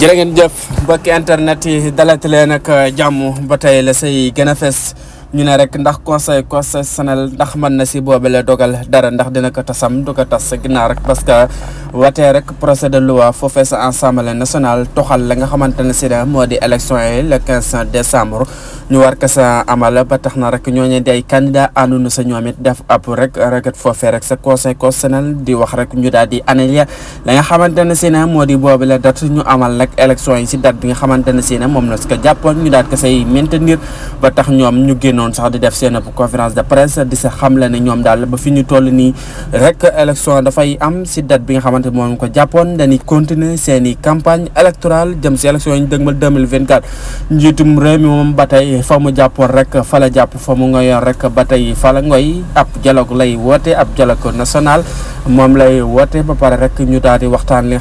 jërë ngeen jëf mbokki internet yi dalati leen ak jàmm ba tey la sey gën a fes ñu ne rek ndax conseil constitutionnel ndax mën na si boobale dogal dara ndax dina ko tasam du ko tas ginnaaw rek parce que watee rek procès de loi foofee sa assemblée nationale toxal la nga xamante ne si ne moo di élection yi le 15 décembre ñu war ko sa amal ba tax na rek ñooñu di ay candidat àndunu sa ñoom def ab rek reket foofee rek sa conseil constitutionnel di wax rek ñu daal di annuler la nga xamante ne si ne moo di boobale date ñu amal nag élection yi si date bi nga xamante ne si ne moom la ko jàppoon ñu daal ko say maintenir ba tax ñoom ñu génn non sax di def seen conférence de presse di sa xamle ne ñoom daal ba fi toll nii rek élection dafay am si date bi nga xamante moom ko jàppoon dañuy continuer seen i campagne électorale jëm si élection ñu dëgmal 2024 njiitum réew mi moom ba tey fa mu jàppoon rek fa la jàpp fa mu ngoyoon rek ba tey fa la ngoy ab dialogue lay woote ab dialogue national moom lay woote ba pare rek ñu daal waxtaan li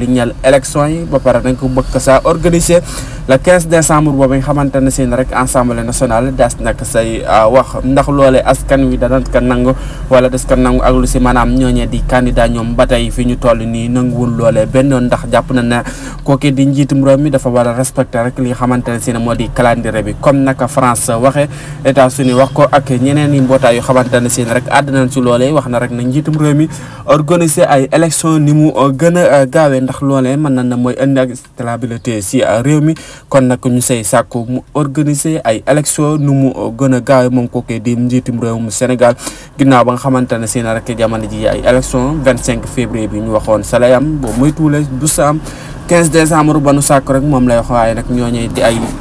li élection ba ko sa organiser le 15 décembre nga rek ensemble national daas nag say ah, wax ndax loole askan wi da ko nangu wala des ko nangu ak lu si maanaam ñooñee di candidat ñoom ba tey fi ñu toll nii nanguwul loolee benn yoon ndax jàpp na ne kooke di njiitum réew mi dafa war a rek li nga xamante ne si moo di calendrier bi comme naka France waxee États-Unis wax ko ak ñeneen i mbootaay yu xamante ne si ne rek àdd nañ si loolee na rek na njiitum réew mi organiser ay élection ni mu ah, gën a ah, ndax loolee mën na na mooy indi ak stabilité si réew mi kon nag ñu say sàkku mu organiser nu mu gën a gaawe moom kookee di njiitum réewum Sénégal ginnaaw ba nga xamante ne seen rek jamono ji ay élection 25 février bi ñu waxoon salayam boobu muy tuule du saam 15 décembre ba nu sàkk rek moom lay wax waaye nag ñooñee di ay